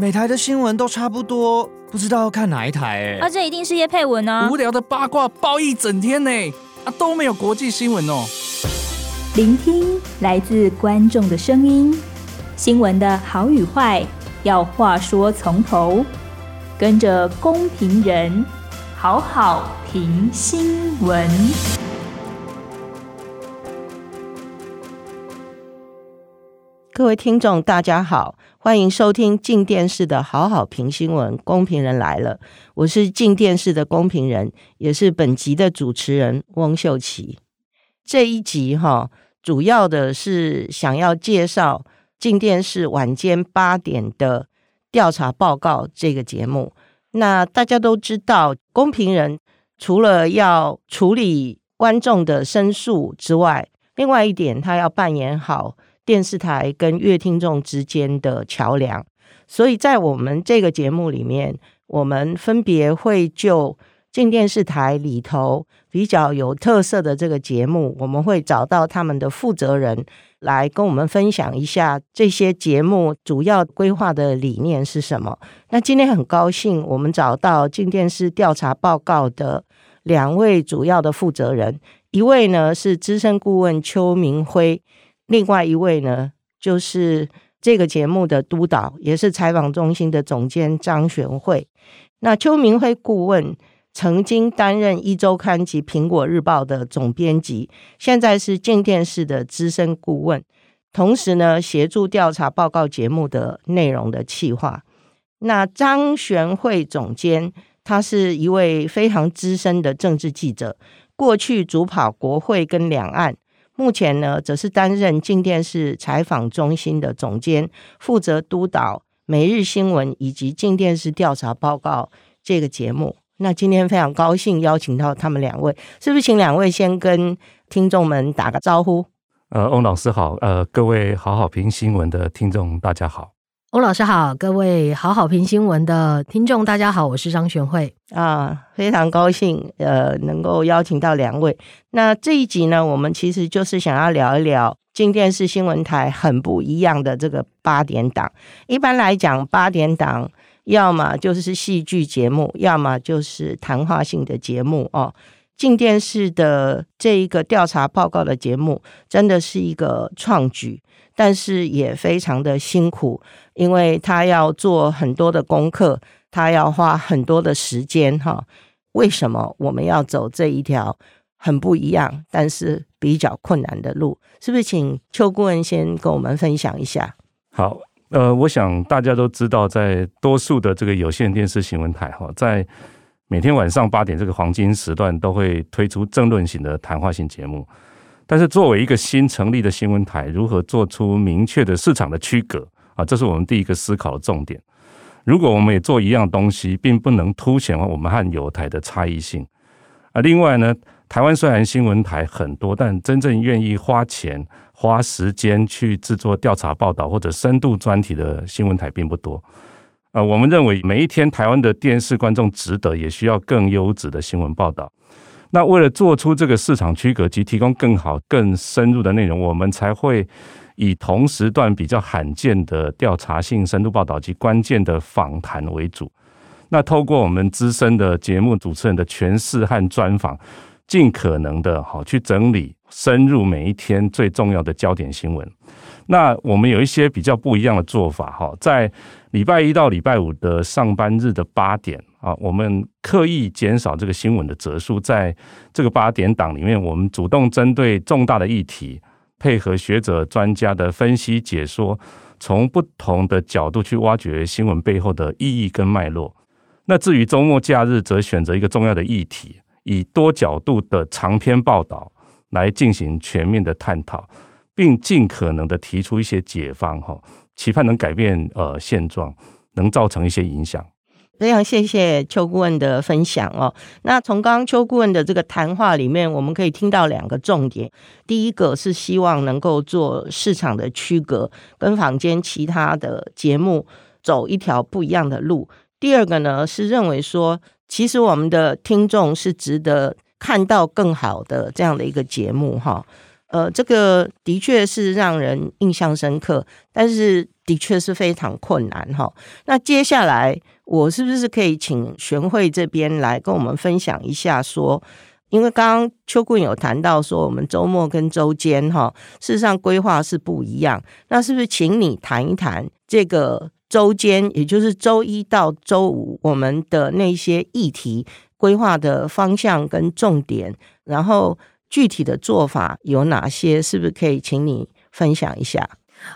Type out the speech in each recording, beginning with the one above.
每台的新聞都差不多，不知道要看哪一台啊，這一定是業配文啊！無聊的八卦爆一整天呢，啊都沒有國際新聞哦。聆聽來自觀眾的聲音，新聞的好與壞要話說從頭，跟着公評人好好評新聞。各位聽眾，大家好，歡迎收聽鏡電視的好好評新聞，公評人來了，我是鏡電視的公評人，也是本集的主持人翁秀琪。這一集齁，主要的是想要介紹鏡電視晚間八點的調查報告這個節目。那大家都知道，公評人除了要處理觀眾的申訴之外，另外一點他要扮演好。電視台跟閱聽眾之間的橋樑，所以在我們這個節目裡面，我們分別會就鏡電視台裡頭比較有特色的這個節目，我們會找到他們的負責人來跟我們分享一下這些節目主要規劃的理念是什麼？那今天很高興，我們找到鏡電視調查報告的兩位主要的負責人，一位呢是資深顧問邱銘輝。另外一位呢，就是這個節目的督導，也是採訪中心的總監張玄會。那邱銘輝顧問曾經擔任《壹週刊》及《蘋果日報》的總編輯，現在是鏡電視的資深顧問，同時呢協助調查報告節目的內容的企劃。那張玄會總監，他是一位非常資深的政治記者，過去主跑國會跟兩岸。目前呢，則是擔任鏡電視採訪中心的總監，負責督導《每日新聞》以及《鏡電視調查報告》這個節目。那今天非常高興邀請到他們兩位，是不是請兩位先跟聽眾們打個招呼？呃，翁老師好，呃，各位好好聽新聞的聽眾大家好。邱老師好，各位好好評新聞的聽眾大家好，我是張玄會啊，非常高興呃能夠邀請到兩位。那這一集呢，我們其實就是想要聊一聊鏡電視新聞台很不一樣的這個八點檔。一般來講，八點檔要麼就是戲劇節目，要麼就是談話性的節目哦。鏡電視的這一個調查報告的節目，真的是一個創舉。但是也非常的辛苦，因為他要做很多的功課，他要花很多的時間，哈。為什麼我們要走這一條很不一樣，但是比較困難的路？是不是？請邱顧問先跟我們分享一下。好，呃，我想大家都知道，在多數的這個有線電視新聞台，哈，在每天晚上八點這個黃金時段，都會推出政論型的談話性節目。但是作為一個新成立的新聞台，如何做出明確的市場的區隔啊？這是我們第一個思考的重點。如果我們也做一樣東西，並不能凸顯我們和友台的差異性啊。另外呢，台灣雖然新聞台很多，但真正願意花錢花時間去制作調查報道或者深度專題的新聞台並不多。呃、啊，我們認為每一天台灣的電視觀眾值得，也需要更優質的新聞報道。那為了做出這個市場區隔及提供更好、更深入的內容，我們才會以同時段比較罕見的調查性深度報道及關鍵的訪談為主。那透過我們資深的節目主持人的詮釋和專訪，盡可能的哈去整理深入每一天最重要的焦點新聞。那我們有一些比較不一樣的做法哈，在禮拜一到禮拜五的上班日的八點。啊，我們刻意減少這個新聞的則數，在這個八點檔裡面，我們主動針對重大的議題，配合學者專家的分析解說，從不同的角度去挖掘新聞背後的意義跟脈絡。那至於周末假日，則選擇一個重要的議題，以多角度的長篇報道來進行全面的探討，並盡可能的提出一些解方，哈，期盼能改變呃現狀，能造成一些影響。非常謝謝邱顧問的分享哦。那從剛剛邱顧問的這個談話裡面，我們可以聽到兩個重點。第一個是希望能夠做市場的區隔，跟坊間其他的節目走一條不一樣的路。第二個呢，是認為說，其實我們的聽眾是值得看到更好的這樣的一個節目哈。呃，這個的確是讓人印象深刻，但是的確是非常困難哈。那接下來，我是不是可以請玄慧這邊來跟我們分享一下？說，因為剛剛邱棍有談到說，我們周末跟周間哈，事實上規劃是不一樣。那是不是請你談一談這個周間，也就是周一到周五，我們的那些議題規劃的方向跟重點，然後，具體的做法有哪些？是不是可以請你分享一下？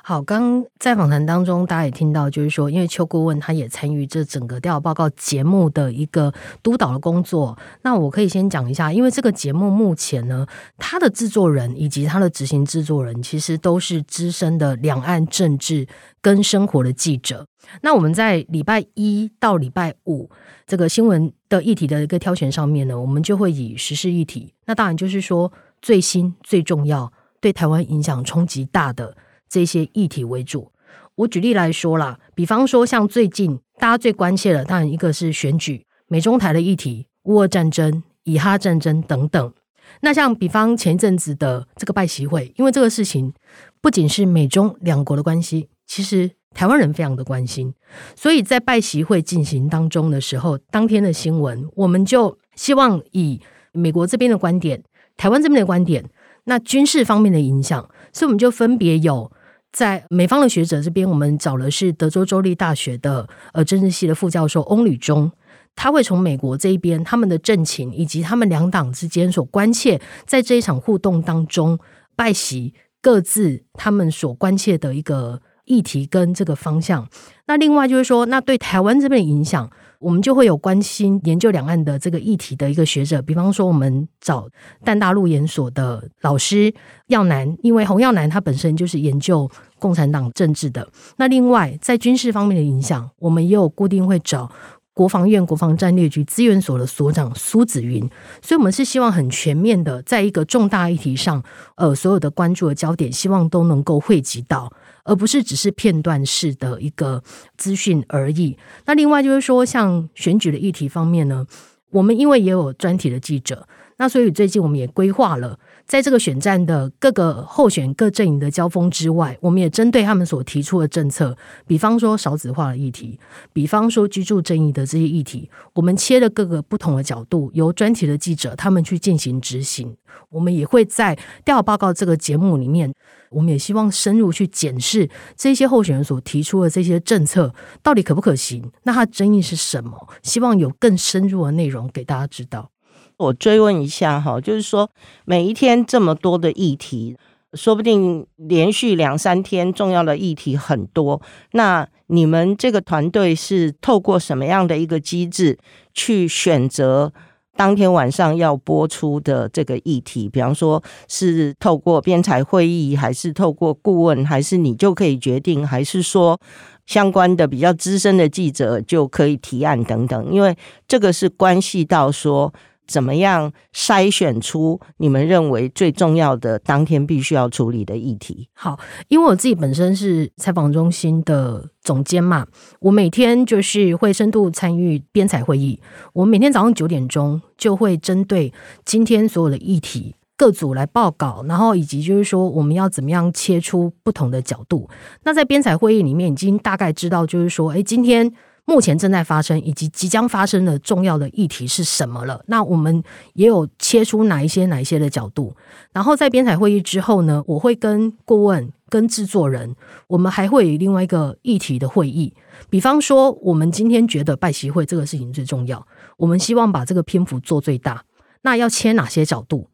好，剛在訪談當中，大家也聽到，就是說，因為邱顧問他也參與這整個調查報告節目的一個督導的工作。那我可以先講一下，因為這個節目目前呢，它的制作人以及它的執行制作人，其實都是資深的兩岸政治跟生活的記者。那我們在禮拜一到禮拜五這個新聞的議題的一個挑選上面呢，我們就會以時事議題，那當然就是說最新、最重要、對台灣影響衝擊大的這些議題為主。我舉例來說啦，比方說像最近大家最關切的，當然一個是選舉、美中台的議題、烏俄戰爭、以哈戰爭等等。那像比方前一陣子的這個拜習會，因為這個事情不僅是美中兩國的關係，其實。台灣人非常的關心，所以在拜習會進行當中的時候，當天的新聞，我們就希望以美國這邊的觀點、台灣這邊的觀點，那軍事方面的影響，所以我們就分別有在美方的學者這邊，我們找的是德州州立大學的呃政治系的副教授翁履中，他會從美國這一邊他們的政情以及他們兩黨之間所關切，在這一場互動當中，拜習各自他們所關切的一個議題跟這個方向，那另外就是說，那對台灣這邊的影響，我們就會有關心研究兩岸的這個議題的一個學者，比方說我們找淡大陸研所的老師耀南，因為洪耀南他本身就是研究共產黨政治的。那另外在軍事方面的影響，我們也有固定會找國防院國防戰略局資源所的所長蘇紫雲，所以我們是希望很全面的，在一個重大議題上，呃，所有的關注的焦點，希望都能夠匯集到。而不是只是片段式的一個資訊而已。那另外就是說，像選舉的議題方面呢，我們因為也有專題的記者，那所以最近我們也規劃了，在這個選戰的各個候選各陣營的交鋒之外，我們也針對他們所提出的政策，比方說少子化的議題，比方說居住正義的這些議題，我們切了各個不同的角度，由專題的記者他們去進行執行。我們也會在調查報告這個節目裡面，我們也希望深入去檢視這些候選人所提出的這些政策到底可不可行，那它爭議是什麼？希望有更深入的內容給大家知道。我追問一下哈，就是說每一天這麼多的議題，說不定連續兩三天重要的議題很多，那你們這個團隊是透過什麼樣的一個機制去選擇？當天晚上要播出的這個議題，比方說是透過編採會議，還是透過顧問，還是你就可以決定，還是說相關的比較資深的記者就可以提案等等，因為這個是關係到說，怎麼樣篩選出你們認為最重要的當天必須要處理的議題？好，因為我自己本身是採訪中心的總監嘛，我每天就是會深度參與編採會議。我每天早上九點鐘就會針對今天所有的議題各組來報告，然後以及就是說我們要怎麼樣切出不同的角度。那在編採會議裡面已經大概知道，就是說，誒今天。目前正在發生以及即將發生的重要的議題是什麼了？那我們也有切出哪一些哪一些的角度。然後在編採會議之後呢，我會跟顧問、跟製作人，我們還會有另外一個議題的會議。比方說，我們今天覺得拜習會這個事情最重要，我們希望把這個篇幅做最大。那要切哪些角度？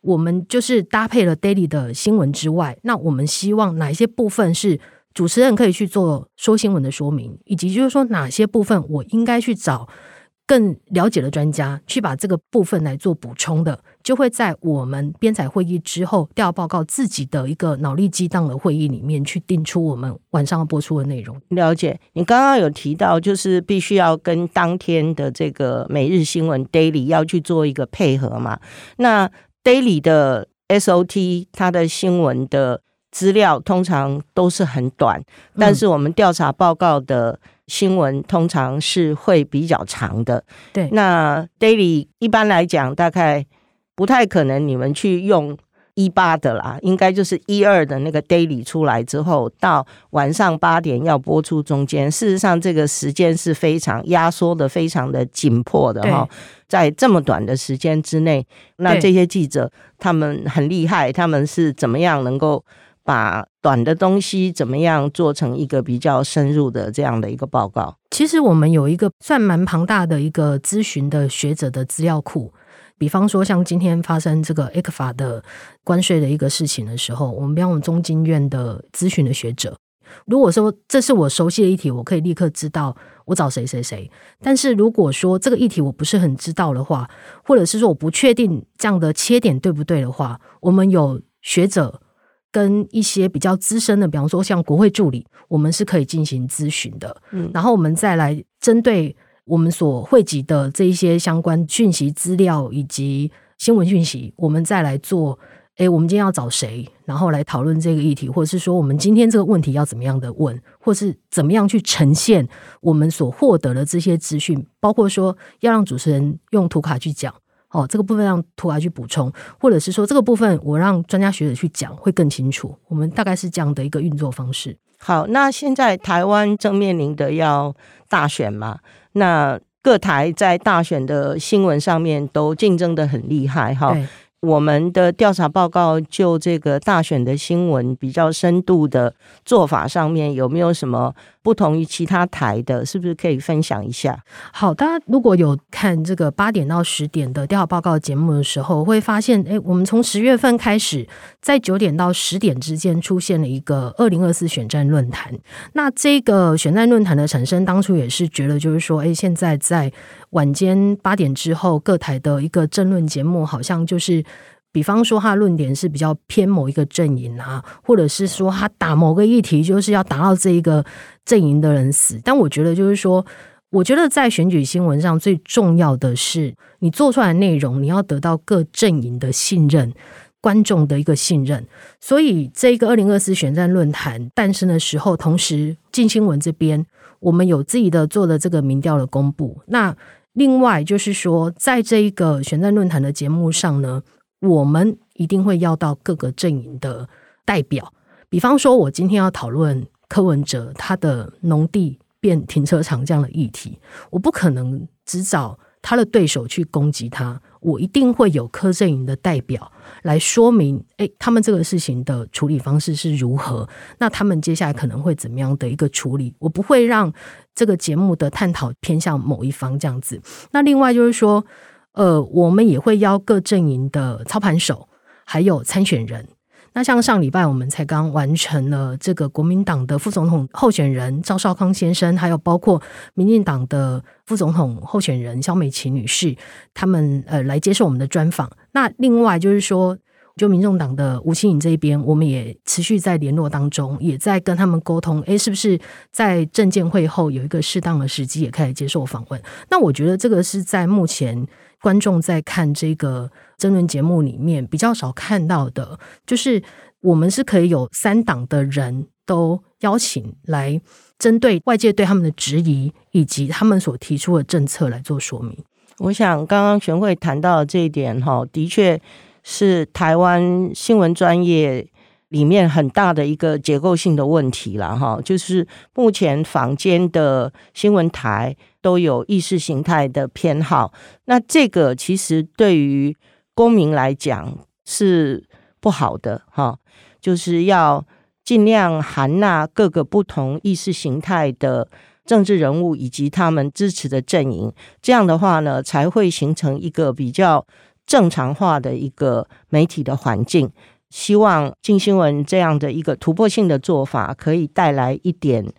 我們就是搭配了 daily 的新聞之外，那我們希望哪一些部分是？主持人可以去做說新聞的說明，以及就是說哪些部分我應該去找更了解的專家去把這個部分來做補充的，就會在我們編採會議之後調報告自己的一個腦力激盪的會議裡面去定出我們晚上要播出的內容。了解，你剛剛有提到就是必須要跟當天的這個每日新聞 Daily 要去做一個配合嘛？那 Daily 的 SOT 它的新聞的。資料通常都是很短，但是我們調查報告的新聞通常是會比較長的。嗯、對，那 daily 一般來講，大概不太可能你們去用一八的啦，應該就是一二的那個 daily 出來之後，到晚上八點要播出中間，事實上這個時間是非常壓縮的，非常的緊迫的哈，對在這麼短的時間之內，那這些記者他們很厲害，他們是怎麼樣能夠？把短的東西怎麼樣做成一個比較深入的這樣的一個報告？其實我們有一個算蠻龐大的一個諮詢的學者的資料庫。比方說，像今天發生這個 ECFA 的關稅的一個事情的時候，我們我們中經院的諮詢的學者。如果說這是我熟悉的議題，我可以立刻知道我找誰誰誰。但是如果說這個議題我不是很知道的話，或者是說我不確定這樣的切點對不對的話，我們有學者。跟一些比較資深的，比方說像國會助理，我們是可以進行諮詢的。嗯，然後我們再來針對我們所匯集的這一些相關訊息資料以及新聞訊息，我們再來做。誒，我們今天要找誰？然後來討論這個議題，或者是說我們今天這個問題要怎麼樣的問，或是怎麼樣去呈現我們所獲得的這些資訊，包括說要讓主持人用圖卡去講。哦，這個部分讓圖來去補充，或者是說這個部分我讓專家學者去講會更清楚。我們大概是這樣的一個運作方式。好，那現在台灣正面臨的要大選嘛，那各台在大選的新聞上面都競爭得很厲害。哈對、哦，我們的調查報告就這個大選的新聞比較深度的做法上面有沒有什麼？不同於其他台的，是不是可以分享一下？好，大家如果有看這個八點到十點的調查報告節目的時候，會發現，誒、欸，我們從十月份開始，在九點到十點之間出現了一個二零二四選戰論壇。那這個選戰論壇的產生，當初也是覺得，就是說，誒、欸，現在在晚間八點之後，各台的一個爭論節目，好像就是。比方說，他論點是比較偏某一個陣營啊，或者是說他打某個議題，就是要達到這一個陣營的人死。但我覺得，就是說，我覺得在選舉新聞上最重要的是，你做出來的內容，你要得到各陣營的信任、觀眾的一個信任。所以，這一個二零二四選戰論壇誕生的時候，同時鏡新聞這邊，我們有自己的做的這個民調的公布。那另外就是說，在這一個選戰論壇的節目上呢，我們一定會要到各個陣營的代表，比方說，我今天要討論柯文哲他的農地變停車場這樣的議題，我不可能只找他的對手去攻擊他，我一定會有柯陣營的代表來說明，哎，他們這個事情的處理方式是如何，那他們接下來可能會怎麼樣的一個處理，我不會讓這個節目的探討偏向某一方這樣子。那另外就是說。呃，我們也會邀各陣營的操盤手，還有參選人。那像上禮拜，我們才剛完成了這個國民黨的副總統候選人趙少康先生，還有包括民進黨的副總統候選人蕭美琴女士，他們呃來接受我們的專訪。那另外就是說，就民眾黨的吳欣盈這一邊，我們也持續在聯絡當中，也在跟他們溝通。誒、欸，是不是在政見會後有一個適當的時機，也可以接受訪問？那我覺得這個是在目前。觀眾在看這個爭論節目裡面比較少看到的，就是我們是可以有三黨的人都邀請來，針對外界對他們的質疑，以及他們所提出的政策來做說明。我想剛剛玄會談到這一點哈，的確是台灣新聞專業裡面很大的一個結構性的問題了哈，就是目前坊間的新聞台，都有意識形態的偏好，那這個其實對於公民來講是不好的哈。就是要盡量含納各個不同意識形態的政治人物以及他們支持的陣營，這樣的話呢，才會形成一個比較正常化的一個媒體的環境。希望《鏡新聞》這樣的一個突破性的做法，可以帶來一點。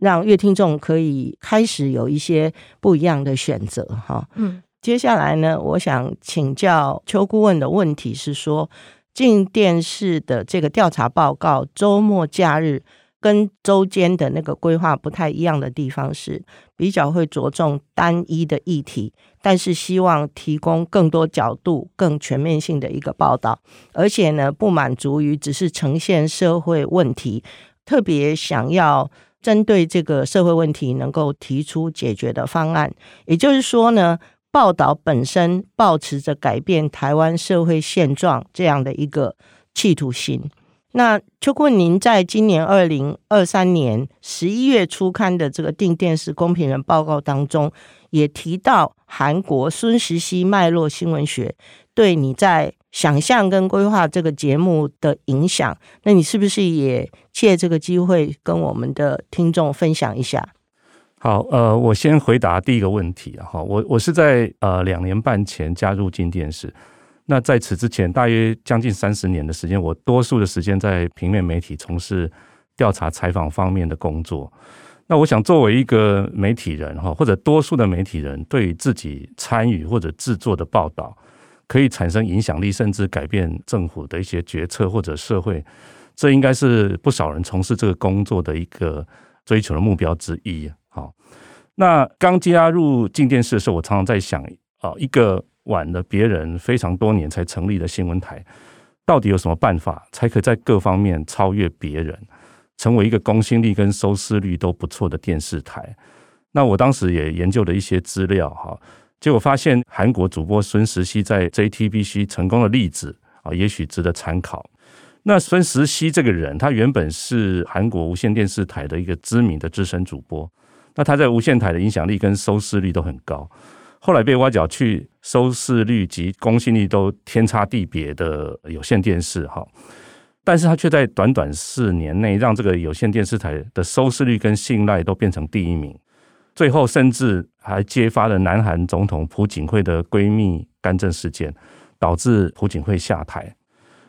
讓樂聽眾可以開始有一些不一樣的選擇，哈。嗯，接下來呢，我想請教邱顧問的問題是說，鏡電視的這個調查報告，週末假日跟週間的那個規劃不太一樣的地方是，比較會着重單一的議題，但是希望提供更多角度、更全面性的一個報道，而且呢，不滿足於只是呈現社會問題，特別想要。針對這個社會問題能夠提出解決的方案，也就是說呢，報道本身抱持着改變台灣社會現狀這樣的一個企圖心。那邱國寧在今年二零二三年十一月初刊的這個鏡電視公評人報告當中，也提到韓國孫石熙脈絡新聞學對你在。想象跟規劃這個節目的影響，那你是不是也借這個機會跟我們的聽眾分享一下？好，呃，我先回答第一個問題哈。我我是在呃兩年半前加入鏡電視，那在此之前大約將近三十年的時間，我多數的時間在平面媒體從事調查採訪方面的工作。那我想，作為一個媒體人哈，或者多數的媒體人，對於自己參與或者制作的報道可以產生影響力，甚至改變政府的一些決策或者社會，這應該是不少人從事這個工作的一個追求的目標之一。好，那剛加入鏡電視的時候，我常常在想：啊，一個晚了別人非常多年才成立的新聞台，到底有什麼辦法才可以在各方面超越別人，成為一個公信力跟收視率都不錯的電視台？那我當時也研究了一些資料，哈。結果發現韓國主播孫石熙在 JTBC 成功的例子啊，也許值得參考。那孫石熙這個人，他原本是韓國無線電視台的一個知名的資深主播，那他在無線台的影響力跟收視率都很高。後來被挖角去收視率及公信力都天差地別的有線電視哈，但是他卻在短短四年內讓這個有線電視台的收視率跟信賴都變成第一名。最後，甚至還揭發了南韓總統朴槿惠的閨蜜干政事件，導致朴槿惠下台。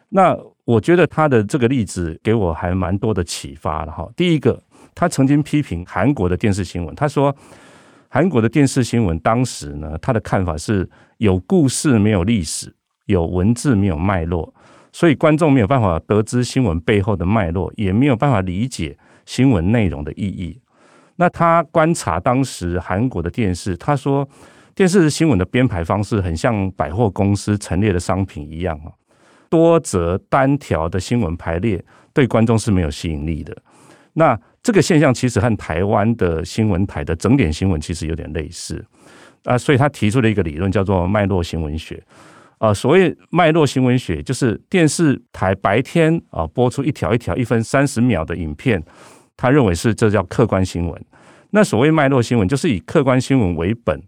那我覺得他的這個例子給我還蠻多的啟發了哈。第一個，他曾經批評韓國的電視新聞，他說韓國的電視新聞當時呢，他的看法是有故事沒有歷史，有文字沒有脈絡，所以觀眾沒有辦法得知新聞背後的脈絡，也沒有辦法理解新聞內容的意義。那他觀察當時韓國的電視，他說電視新聞的編排方式很像百貨公司陳列的商品一樣啊，多則單條的新聞排列對觀眾是沒有吸引力的。那這個現象其實和台灣的新聞台的整點新聞其實有點類似啊，所以他提出了一個理論叫做脈絡新聞學啊，呃，所謂脈絡新聞學，就是電視台白天啊，呃，播出一條一條一分三十秒的影片。他認為是這叫客觀新聞，那所謂脈絡新聞就是以客觀新聞為本，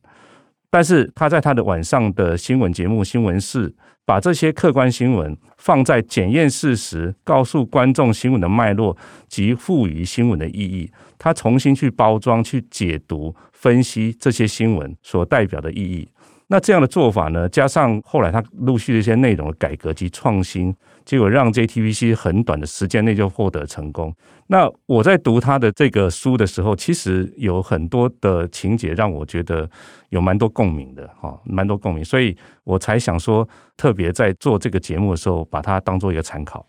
但是他在他的晚上的新聞節目新聞室，把這些客觀新聞放在檢驗事實，告訴觀眾新聞的脈絡及賦予新聞的意義，他重新去包裝、去解讀、分析這些新聞所代表的意義。那這樣的做法呢，加上後來他陸續的一些內容的改革及創新。結果讓 JTBC 很短的時間內就獲得成功。那我在讀他的這個書的時候，其實有很多的情節讓我覺得有蠻多共鳴的，哈，蠻多共鳴，所以我才想說，特別在做這個節目的時候，把它當做一個參考。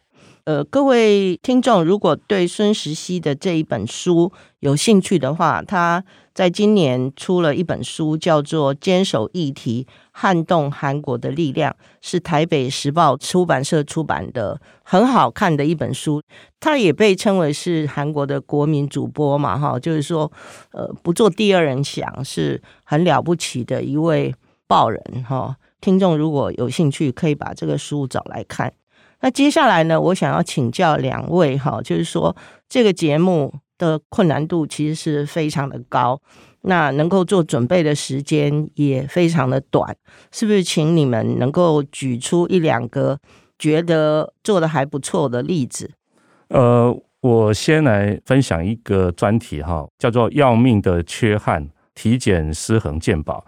呃，各位聽眾，如果對孫石熙的這一本書有興趣的話，他在今年出了一本書，叫做《堅守議題撼動韓國的力量》，是台北時報出版社出版的，很好看的一本書。他也被稱為是韓國的國民主播嘛，哈，就是說，呃，不做第二人想，是很了不起的一位報人，哈。聽眾如果有興趣，可以把這個書找來看。那接下來呢，我想要請教兩位哈，就是說這個節目的困難度其實是非常的高，那能夠做準備的時間也非常的短，是不是請你們能夠舉出一兩個覺得做得還不錯的例子？呃，我先來分享一個專題哈，叫做“要命的缺憾：體檢失衡健保”。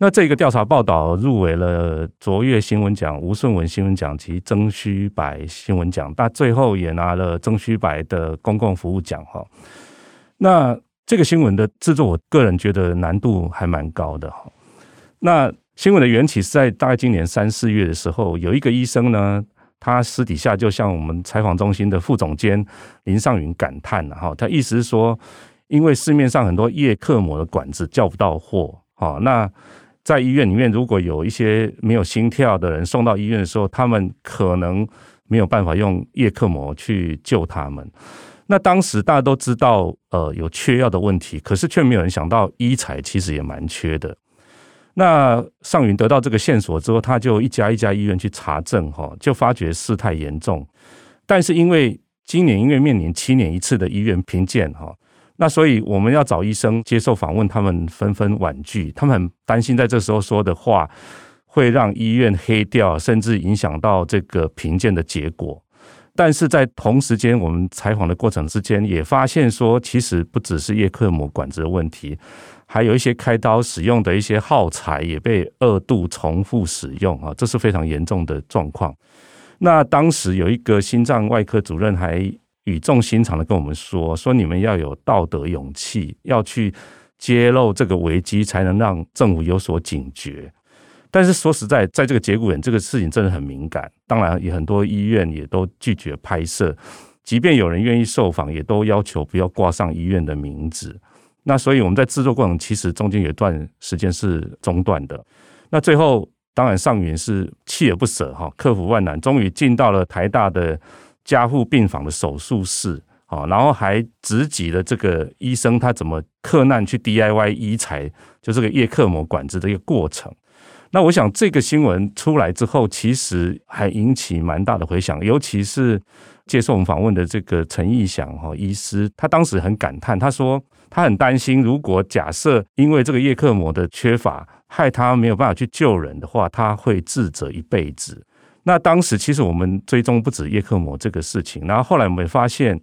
那這個調查報道入圍了卓越新聞獎、吳舜文新聞獎及曾虛白新聞獎，但最後也拿了曾虛白的公共服務獎哈。那這個新聞的製作，我個人覺得難度還蠻高的哈。那新聞的緣起是在大概今年三四月的時候，有一個醫生呢，他私底下就向我們採訪中心的副總監林尚雲感嘆了哈，他意思是說，因為市面上很多葉克膜的管子叫不到貨哈，那。在醫院裡面，如果有一些沒有心跳的人送到醫院的時候，他們可能沒有辦法用葉克膜去救他們。那當時大家都知道，呃，有缺藥的問題，可是卻沒有人想到，醫材其實也蠻缺的。那尚云得到這個線索之後，他就一家一家醫院去查證，哈、哦，就發覺事態嚴重。但是因為今年因為面臨七年一次的醫院評鑑，哈、哦。那所以我們要找醫生接受訪問，他們紛紛婉拒，他們很擔心在這時候說的話會讓醫院黑掉，甚至影響到這個評鑑的結果。但是在同時間，我們採訪的過程之間也發現說，其實不只是葉克膜管制的問題，還有一些開刀使用的一些耗材也被二度重複使用啊，這是非常嚴重的狀況。那當時有一個心臟外科主任還。語重心長的跟我們說，說你們要有道德勇氣，要去揭露這個危機，才能讓政府有所警覺。但是說實在，在這個節骨眼，這個事情真的很敏感。當然，也很多醫院也都拒絕拍攝，即便有人願意受訪，也都要求不要掛上醫院的名字。那所以我們在製作過程，其實中間有一段時間是中斷的。那最後，當然尚云是鍥而不舍，哈，克服萬難，終於進到了台大的。加護病房的手術室，啊，然後還直擊了這個醫生他怎麼克難去 DIY 醫材，就這個葉克膜管子的一個過程。那我想這個新聞出來之後，其實還引起蠻大的回響，尤其是接受我們訪問的這個陳義祥哈醫師，他當時很感嘆，他說他很擔心，如果假設因為這個葉克膜的缺乏，害他沒有辦法去救人的話，他會自責一輩子。那當時其實我們追蹤不止葉克膜這個事情，然後後來我們發現，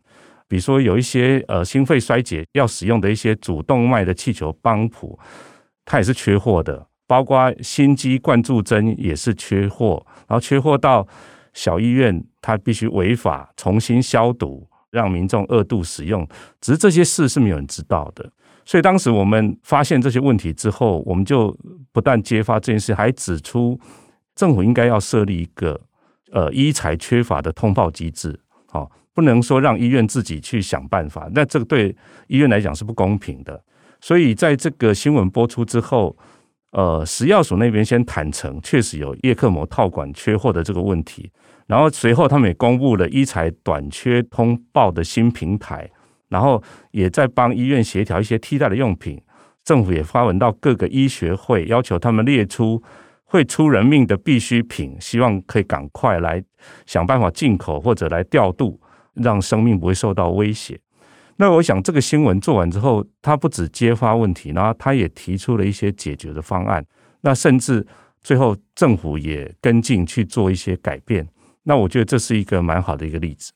比如說有一些呃心肺衰竭要使用的一些主動脈的氣球幫浦，它也是缺貨的，包括心肌灌注針也是缺貨，然後缺貨到小醫院，它必須違法重新消毒，讓民眾二度使用。只是這些事是沒有人知道的，所以當時我們發現這些問題之後，我們就不但揭發這件事，還指出。政府應該要設立一個呃醫材缺乏的通報機制，好、哦，不能說讓醫院自己去想辦法，那這個對醫院來講是不公平的。所以在這個新聞播出之後，呃，食藥署那邊先坦承，確實有葉克膜套管缺貨的這個問題，然後隨後他們也公布了醫材短缺通報的新平台，然後也在幫醫院協調一些替代的用品。政府也發文到各個醫學會，要求他們列出。會出人命的必需品，希望可以趕快來想辦法進口或者來調度，讓生命不會受到威脅。那我想這個新聞做完之後，他不止揭發問題，然後他也提出了一些解決的方案。那甚至最後政府也跟進去做一些改變。那我覺得這是一個蠻好的一個例子。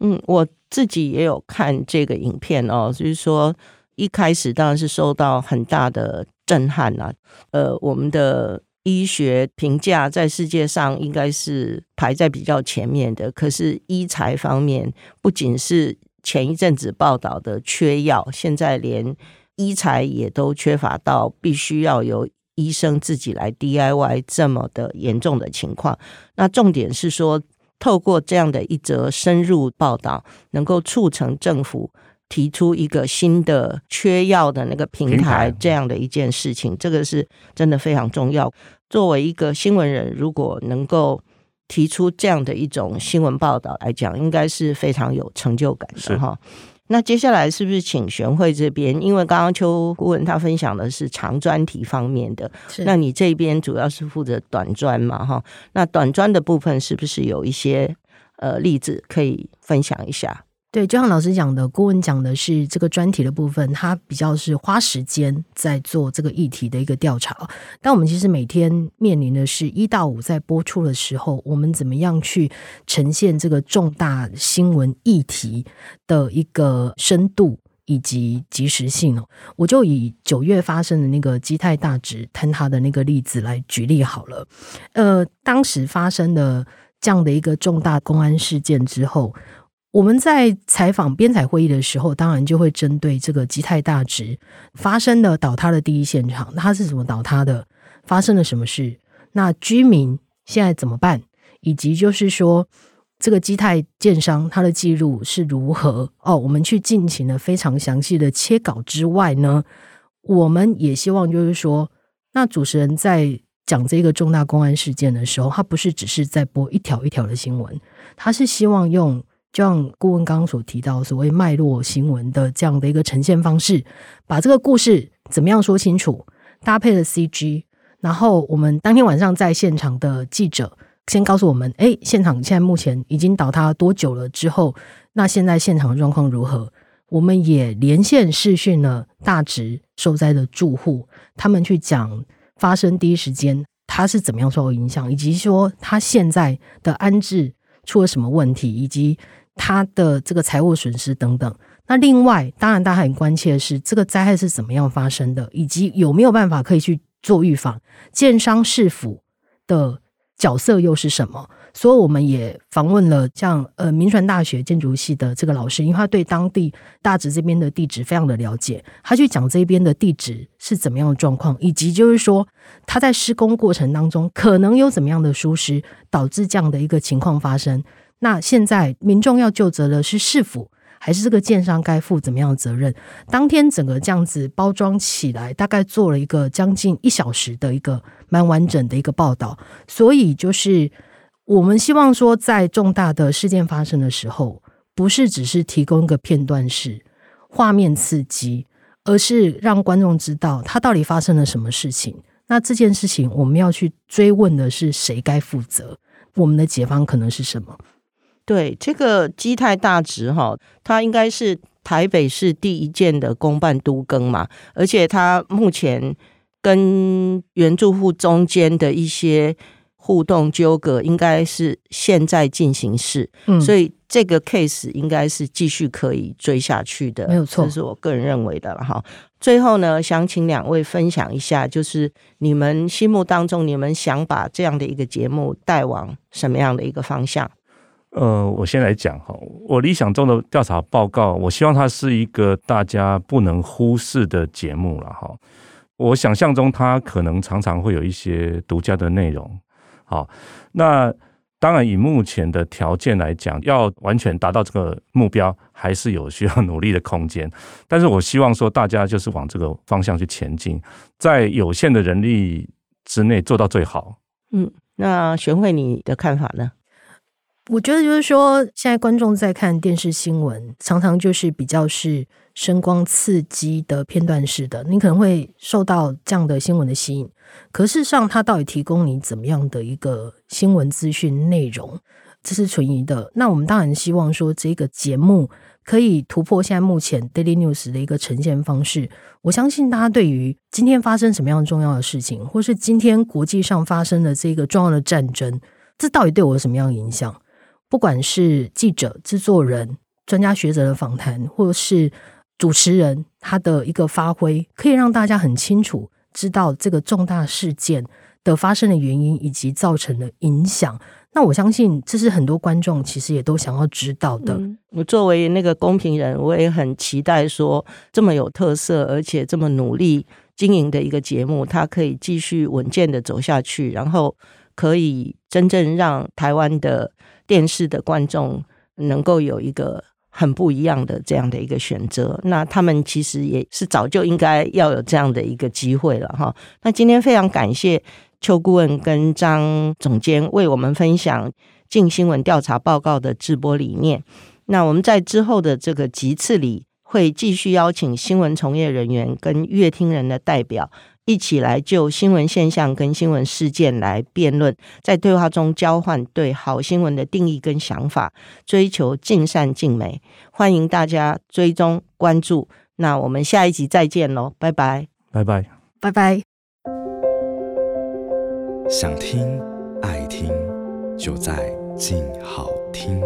嗯，我自己也有看這個影片哦就是說一開始當然是受到很大的震撼啊。呃，我們的。醫學評價在世界上應該是排在比較前面的，可是醫材方面，不僅是前一陣子報道的缺藥，現在連醫材也都缺乏到必須要由醫生自己來 DIY 這麼的嚴重的情況。那重點是說，透過這樣的一則深入報道，能夠促成政府。提出一個新的缺藥的那個平台，這樣的一件事情，嗯、這個是真的非常重要。作為一個新聞人，如果能夠提出這樣的一種新聞報道來講，應該是非常有成就感的哈。是那接下來是不是請玄會這邊？因為剛剛邱顧問他分享的是長專題方面的，是那你這邊主要是負責短專嘛哈？那短專的部分是不是有一些呃例子可以分享一下？對，就像老師講的，顧問講的是這個專題的部分，他比較是花時間在做這個議題的一個調查。但我們其實每天面臨的是一到五，在播出的時候，我們怎麼樣去呈現這個重大新聞議題的一個深度以及即時性呢？我就以九月發生的那個基泰大直坍塌的那個例子來舉例好了。呃，當時發生的這樣的一個重大公安事件之後。我們在採訪編採會議的時候，當然就會針對這個基泰大直發生的倒塌的第一現場，它是怎麼倒塌的，發生了什麼事，那居民現在怎麼辦，以及就是說這個基泰建商它的記錄是如何哦，我們去進行了非常詳細的切稿之外呢，我們也希望就是說，那主持人在講這個重大公安事件的時候，他不是只是在播一條一條的新聞，他是希望用。就像顧問剛剛所提到，所謂脈絡新聞的這樣的一個呈現方式，把這個故事怎麼樣說清楚，搭配了 CG，然後我們當天晚上在現場的記者先告訴我們：哎，現場現在目前已經倒塌多久了之後，那現在現場的狀況如何？我們也連線視訊了大直受災的住戶，他們去講發生第一時間他是怎麼樣受到影響，以及說他現在的安置出了什麼問題，以及。他的這個財務損失等等。那另外，當然大家很關切的是，這個災害是怎麼樣發生的，以及有沒有辦法可以去做預防。建商市府的角色又是什麼？所以我們也訪問了像呃銘傳大學建築系的這個老師，因為他對當地大直這邊的地質非常的了解，他去講這邊的地質是怎麼樣的狀況，以及就是說他在施工過程當中可能有怎麼樣的疏失，導致這樣的一個情況發生。那現在民眾要究責的是市府，還是這個建商該負怎麼樣的責任？當天整個這樣子包裝起來，大概做了一個將近一小時的一個蠻完整的一個報道。所以就是我們希望說，在重大的事件發生的時候，不是只是提供一個片段式畫面刺激，而是讓觀眾知道他到底發生了什麼事情。那這件事情我們要去追問的是誰該負責，我們的解方可能是什麼？對這個基泰大直哈，它應該是台北市第一件的公辦都更嘛，而且它目前跟原住戶中間的一些互動糾葛，應該是現在進行式。嗯、所以這個 case 應該是繼續可以追下去的，沒有錯，這是我個人認為的了哈。最後呢，想請兩位分享一下，就是你們心目當中，你們想把這樣的一個節目帶往什麼樣的一個方向？呃，我先來講哈，我理想中的調查報告，我希望它是一個大家不能忽視的節目了哈。我想象中，它可能常常會有一些獨家的內容。好，那當然以目前的條件來講，要完全達到這個目標，還是有需要努力的空間。但是我希望說，大家就是往這個方向去前進，在有限的人力之內做到最好。嗯，那玄會你的看法呢？我覺得就是說，現在觀眾在看電視新聞，常常就是比較是聲光刺激的片段式的，你可能會受到這樣的新聞的吸引。可事實上，它到底提供你怎麼樣的一個新聞資訊內容，這是存疑的。那我們當然希望說，這個節目可以突破現在目前 Daily News 的一個呈現方式。我相信大家對於今天發生什麼樣重要的事情，或是今天國際上發生的這個重要的戰爭，這到底對我有什麼樣的影響？不管是記者、製作人、專家學者的訪談，或者是主持人他的一個發揮，可以讓大家很清楚知道這個重大事件的發生的原因以及造成的影響。那我相信，這是很多觀眾其實也都想要知道的。我、嗯、作為那個公平人，我也很期待說，這麼有特色而且這麼努力經營的一個節目，它可以繼續穩健的走下去，然後。可以真正讓台灣的電視的觀眾能夠有一個很不一樣的這樣的一個選擇，那他們其實也是早就應該要有這樣的一個機會了哈。那今天非常感謝邱顧問跟張總監為我們分享《鏡新聞調查報告》的直播理念。那我們在之後的這個集次裡會繼續邀請新聞從業人員跟閱聽人的代表。一起來就新聞現象跟新聞事件來辯論，在對話中交換對好新聞的定義跟想法，追求盡善盡美。歡迎大家追蹤關注，那我們下一集再見嘍，拜拜，拜拜 bye，拜拜 bye。想聽愛聽，就在鏡好聽。